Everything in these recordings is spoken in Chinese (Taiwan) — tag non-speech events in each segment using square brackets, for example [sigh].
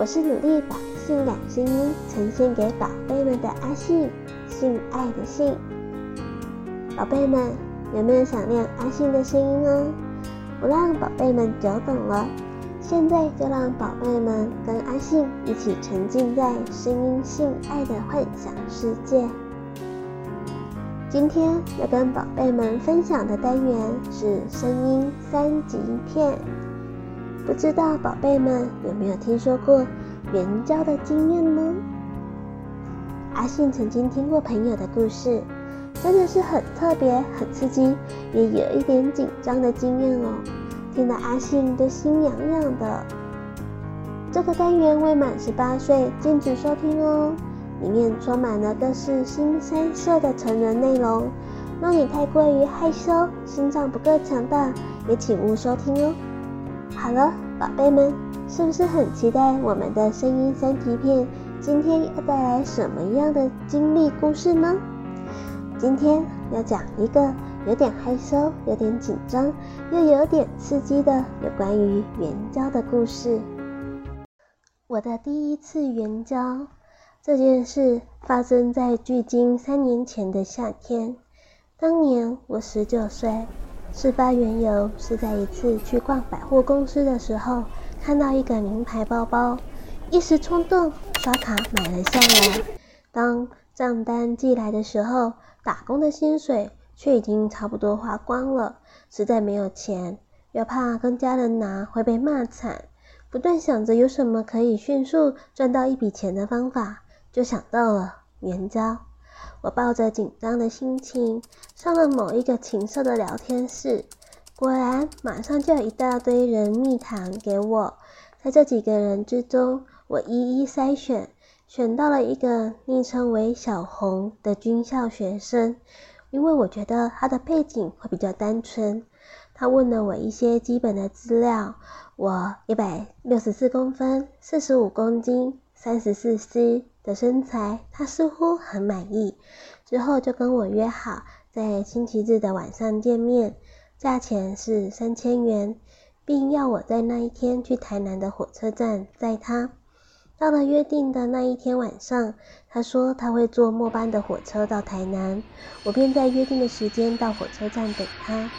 我是努力把性感聲音呈現給寶貝們的阿信，性愛的性。寶貝們，有沒有想念阿信的聲音呢？不讓寶貝們久等了，現在就讓寶貝們跟阿信一起沉浸在聲音性愛的幻想世界。今天要跟寶貝們分享的單元是聲音三級片。不知道寶貝們有沒有聽說過援交的經驗呢？阿信曾經聽過朋友的故事，真的是很特別、很刺激，也有一點緊張的經驗哦。聽得阿信都心癢癢的。這個單元未滿十八歲禁止收聽哦，裡面充滿了各式腥羶色的成人內容，若你太過於害羞、心臟不夠強大，也請勿收聽哦。好了，寶貝們，是不是很期待我們的聲音三級片？今天要帶來什麼樣的經歷故事呢？今天要講一個有點害羞、有點緊張，又有點刺激的有關於援交的故事。我的第一次援交這件事發生在距今三年前的夏天，當年我十九歲。事發緣由是在一次去逛百貨公司的時候，看到一個名牌包包，一時衝動刷卡買了下來。當賬單寄來的時候，打工的薪水卻已經差不多花光了，實在沒有錢，又怕跟家人拿會被罵慘，不斷想着有什麼可以迅速賺到一筆錢的方法，就想到了援交。我抱着緊張的心情上了某一個情色的聊天室，果然馬上就有一大堆人密談給我。在這幾個人之中，我一一篩選，選到了一個昵稱為“小紅”的軍校學生，因為我覺得他的背景會比較單純。他問了我一些基本的資料，我一百六十四公分，四十五公斤，三十四 C 的身材，他似乎很滿意。之後就跟我約好在星期日的晚上見面，價錢是三千元，並要我在那一天去台南的火車站載他。到了約定的那一天晚上，他說他會坐末班的火車到台南，我便在約定的時間到火車站等他。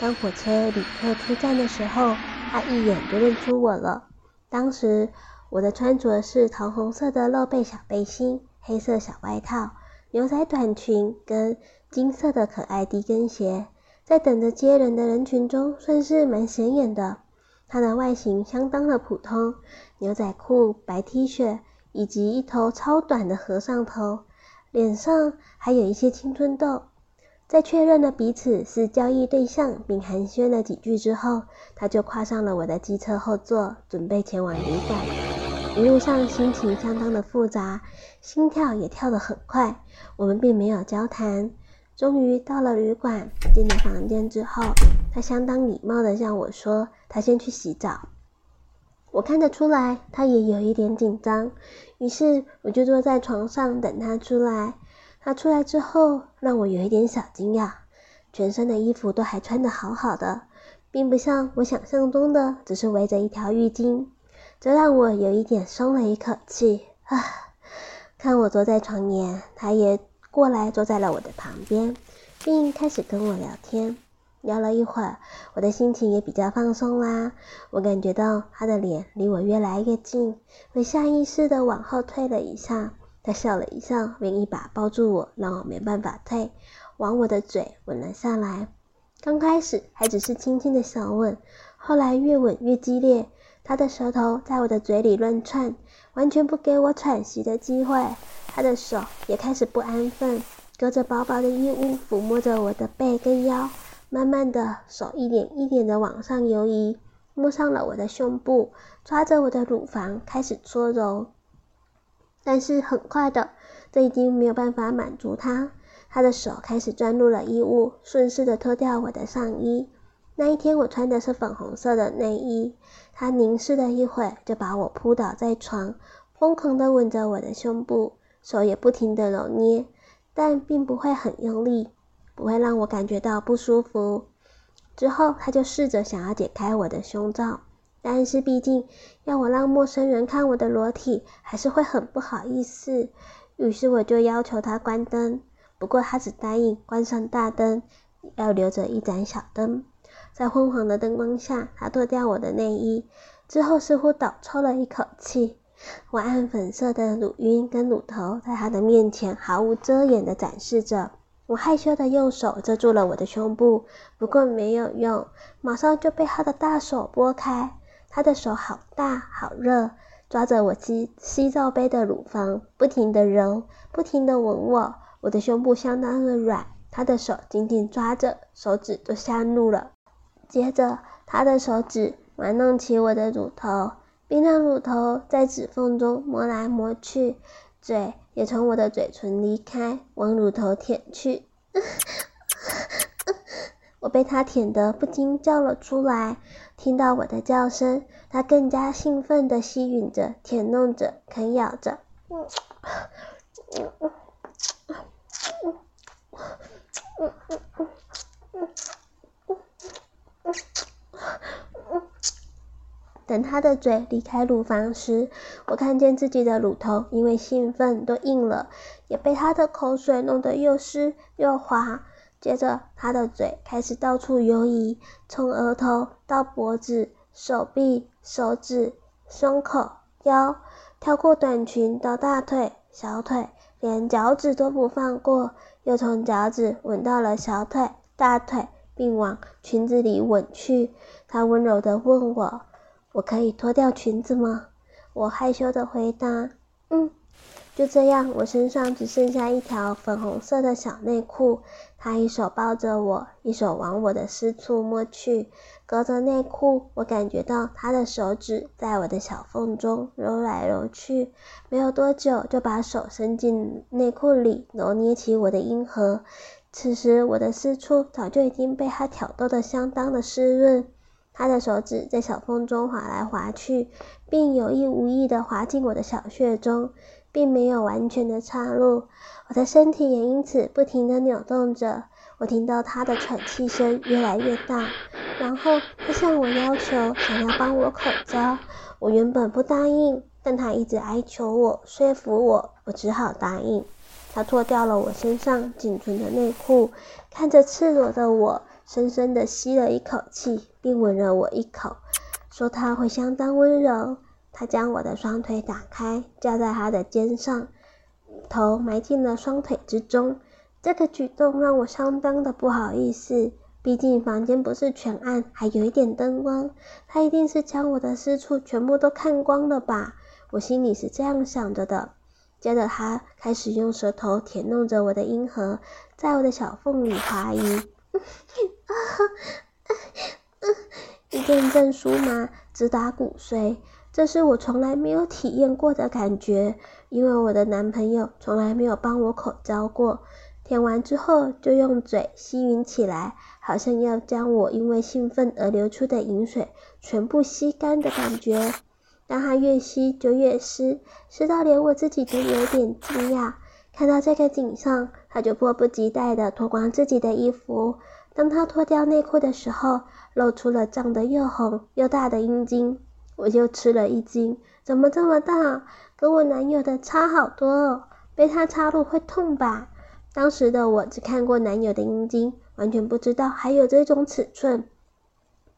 當火車旅客出站的時候，他一眼就認出我了。當時，我的穿着是桃紅色的露背小背心、黑色小外套、牛仔短裙跟金色的可愛低跟鞋，在等着接人的人群中算是蠻顯眼的。他的外形相當的普通，牛仔褲、白 T 恤以及一頭超短的和尚頭，臉上還有一些青春痘。在確認了彼此是交易對象並寒暄了幾句之後，他就跨上了我的機車後座，準備前往旅館。一路上心情相當的複雜，心跳也跳得很快。我們並沒有交談。終於到了旅館，進了房間之後，他相當禮貌地向我說：“他先去洗澡。”我看得出來，他也有一點緊張。於是我就坐在床上等他出來。他出來之後，讓我有一點小驚訝，全身的衣服都還穿得好好的，並不像我想象中的，只是圍着一條浴巾。這讓我有一點鬆了一口氣啊！看我坐在床沿，他也過來坐在了我的旁邊，並開始跟我聊天。聊了一會兒，我的心情也比較放鬆啦。我感覺到他的臉離我越來越近，我下意識的往後退了一下。他笑了一下，便一把抱住我，讓我沒辦法退，往我的嘴吻了下來。剛開始還只是輕輕的香吻，後來越吻越激烈。他的舌頭在我的嘴裡亂竄，完全不給我喘息的機會。他的手也開始不安分，隔着薄薄的衣物撫摸着我的背跟腰，慢慢的，手一點一點的往上游移，摸上了我的胸部，抓着我的乳房開始搓揉。但是很快的，這已經沒有辦法滿足他，他的手開始鑽入了衣物，順勢的脫掉我的上衣。那一天，我穿的是粉紅色的內衣。他凝視了一會，就把我撲倒在床，瘋狂地吻着我的胸部，手也不停地揉捏，但並不會很用力，不會讓我感覺到不舒服。之後，他就試着想要解開我的胸罩，但是畢竟要我讓陌生人看我的裸體，還是會很不好意思。於是我就要求他關燈，不過他只答應關上大燈，要留着一盞小燈。在昏黃的燈光下，他脫掉我的內衣之後，似乎倒抽了一口氣。我暗粉色的乳暈跟乳頭在他的面前毫無遮掩的展示着。我害羞的用手遮住了我的胸部，不過沒有用，馬上就被他的大手撥開。他的手好大好熱，抓着我 CC 罩杯的乳房，不停的揉，不停的吻我。我的胸部相當的軟，他的手緊緊抓着，手指都陷入了。接着，他的手指玩弄起我的乳頭，並讓乳頭在指縫中磨來磨去，嘴也從我的嘴唇離開，往乳頭舔去。 [laughs] 我被他舔得不禁叫了出來。聽到我的叫聲，他更加興奮地吸吮着、舔弄着、啃咬着。 [laughs] 等他的嘴離開乳房時，我看見自己的乳頭因為興奮都硬了，也被他的口水弄得又濕又滑。接着，他的嘴開始到處游移，從額頭到脖子、手臂、手指、胸口、腰，跳過短裙到大腿、小腿，連腳趾都不放過，又從腳趾吻到了小腿、大腿。並往裙子裡吻去，他溫柔地問我：“我可以脫掉裙子嗎？”我害羞地回答：“嗯。”就這樣，我身上只剩下一條粉紅色的小內褲。他一手抱着我，一手往我的私處摸去，隔着內褲，我感覺到他的手指在我的小縫中揉來揉去。沒有多久，就把手伸進內褲裡，揉捏起我的陰核。此時，我的私處早就已經被他挑逗得相當的濕潤。他的手指在小縫中劃來劃去，並有意無意地滑進我的小穴中，並沒有完全的插入。我的身體也因此不停地扭動着。我聽到他的喘氣聲越來越大，然後他向我要求想要幫我口交。我原本不答應，但他一直哀求我、說服我，我只好答應。他脫掉了我身上僅存的內褲，看着赤裸的我，深深的吸了一口氣，並吻了我一口，說他會相當溫柔。他將我的雙腿打開，架在他的肩上，頭埋進了雙腿之中。這個舉動讓我相當的不好意思，畢竟房間不是全暗，還有一點燈光。他一定是將我的私處全部都看光了吧？我心裡是這樣想着的。接着，他開始用舌頭舔弄着我的陰核，在我的小縫裡滑移， [laughs] [laughs] 一陣陣酥麻，直達骨髓。這是我從來沒有體驗過的感覺，因為我的男朋友從來沒有幫我口交過。舔完之後，就用嘴吸吮起來，好像要將我因為興奮而流出的淫水全部吸乾的感覺。讓他越吸就越濕，濕到連我自己都有點驚訝、啊。看到這個景象，他就迫不及待地脫光自己的衣服。當他脫掉內褲的時候，露出了脹得又紅又大的陰莖，我就吃了一驚，怎麼這麼大？跟我男友的差好多哦，被他插入會痛吧？當時的我只看過男友的陰莖，完全不知道還有這種尺寸。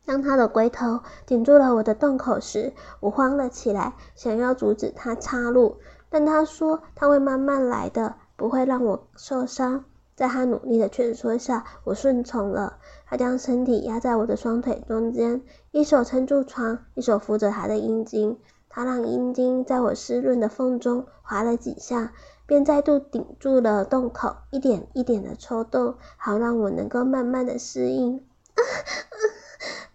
當他的龜頭頂住了我的洞口時，我慌了起來，想要阻止他插入，但他說他會慢慢來的，不會讓我受傷。在他努力的勸說下，我順從了。他將身體壓在我的雙腿中間，一手撐住床，一手扶着他的陰莖。他讓陰莖在我濕潤的縫中滑了幾下，便再度頂住了洞口，一點一點的抽動，好讓我能夠慢慢的適應。 [laughs]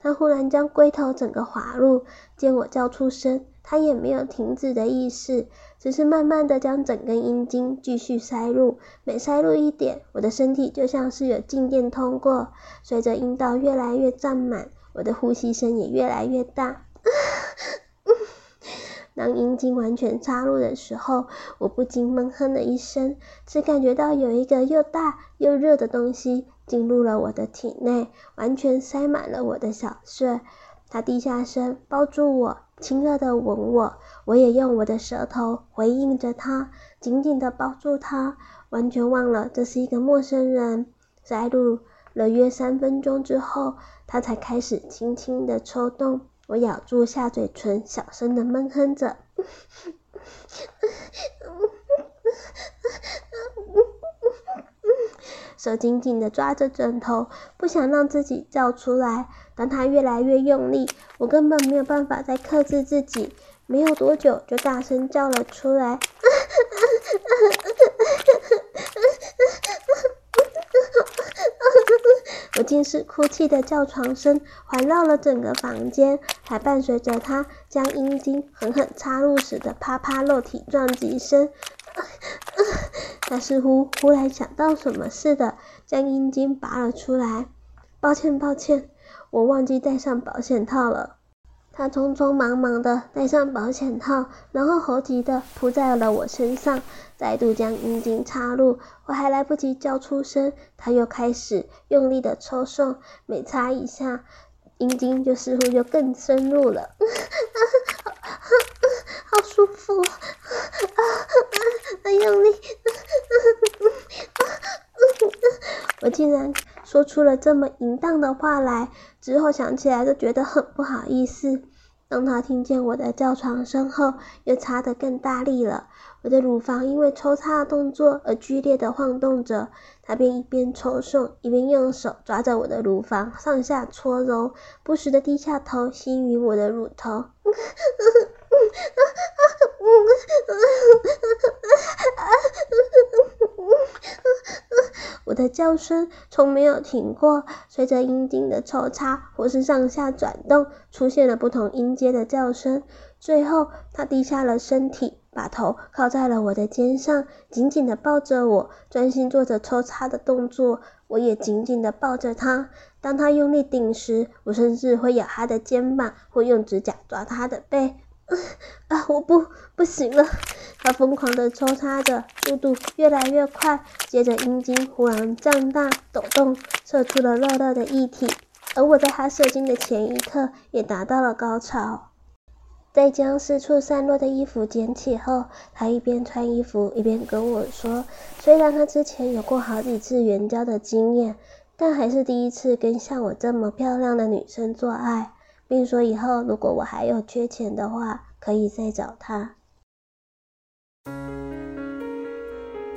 他忽然將龜頭整個滑入，見我叫出聲，他也沒有停止的意思，只是慢慢的將整根陰莖繼續塞入，每塞入一點，我的身體就像是有靜電通過，隨着陰道越來越脹滿，我的呼吸聲也越來越大。 [laughs] 當陰莖完全插入的時候，我不禁悶哼了一聲，只感覺到有一個又大又熱的東西。進入了我的體內，完全塞滿了我的小穴。他低下身抱住我，親熱的吻我，我也用我的舌頭回應着他，緊緊的抱住他，完全忘了這是一個陌生人。塞入了約三分鐘之後，他才開始輕輕的抽動。我咬住下嘴唇，小聲的悶哼着。 [laughs] 手緊緊的抓着枕頭，不想讓自己叫出來。當他越來越用力，我根本沒有辦法再克制自己，沒有多久就大聲叫了出來。 [laughs] [laughs] 我竭斯底里是哭泣的叫床聲環繞了整個房間，還伴隨着他將陰莖狠狠插入時的啪啪肉體撞擊聲。他似乎忽然想到什麼似的，將陰莖拔了出來。抱歉，抱歉，我忘記戴上保險套了。他匆匆忙忙地戴上保險套，然後猴急地撲在了我身上，再度將陰莖插入。我還來不及叫出聲，他又開始用力地抽送，每插一下，陰莖就似乎就更深入了。 [laughs] 好舒服啊！ [laughs] 竟然說出了這麼淫蕩的話來，之後想起來就覺得很不好意思。當他聽見我的叫床聲後，又插得更大力了。我的乳房因為抽插的動作而劇烈的晃動着，他便一邊抽送，一邊用手抓着我的乳房上下搓揉，不時的低下頭吸吮我的乳頭。 [laughs] 的叫聲從沒有停過，隨着陰莖的抽插，或是上下轉動，出現了不同音階的叫聲。最後，他低下了身體，把頭靠在了我的肩上，緊緊地抱着我，專心做着抽插的動作。我也緊緊地抱着他。當他用力頂時，我甚至會咬他的肩膀，或用指甲抓他的背。 [laughs] 啊！我不，不行了！他瘋狂的抽插着，速度越來越快。接着，陰莖忽然脹大、抖動，射出了熱熱的液體。而我在他射精的前一刻，也達到了高潮。在將四處散落的衣服撿起後，他一邊穿衣服，一邊跟我說：“雖然他之前有過好幾次援交的經驗，但還是第一次跟像我這麼漂亮的女生做愛。”並說以後如果我還有缺錢的話，可以再找他。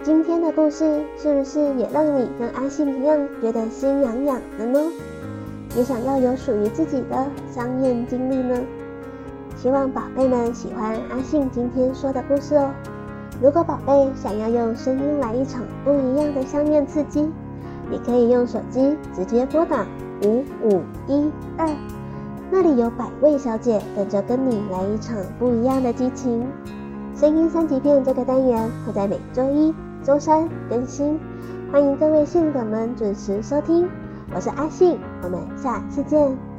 今天的故事是不是也讓你跟阿信一樣覺得心癢癢的呢？也想要有屬於自己的香豔經歷呢？希望寶貝們喜歡阿信今天說的故事哦。如果寶貝想要用聲音來一場不一樣的香豔刺激，你可以用手機直接撥打五五一二。那裡有百位小姐等着跟你來一場不一樣的激情。聲音三級片這個單元會在每周一、周三更新，歡迎各位信友們準時收聽。我是阿信，我們下次見。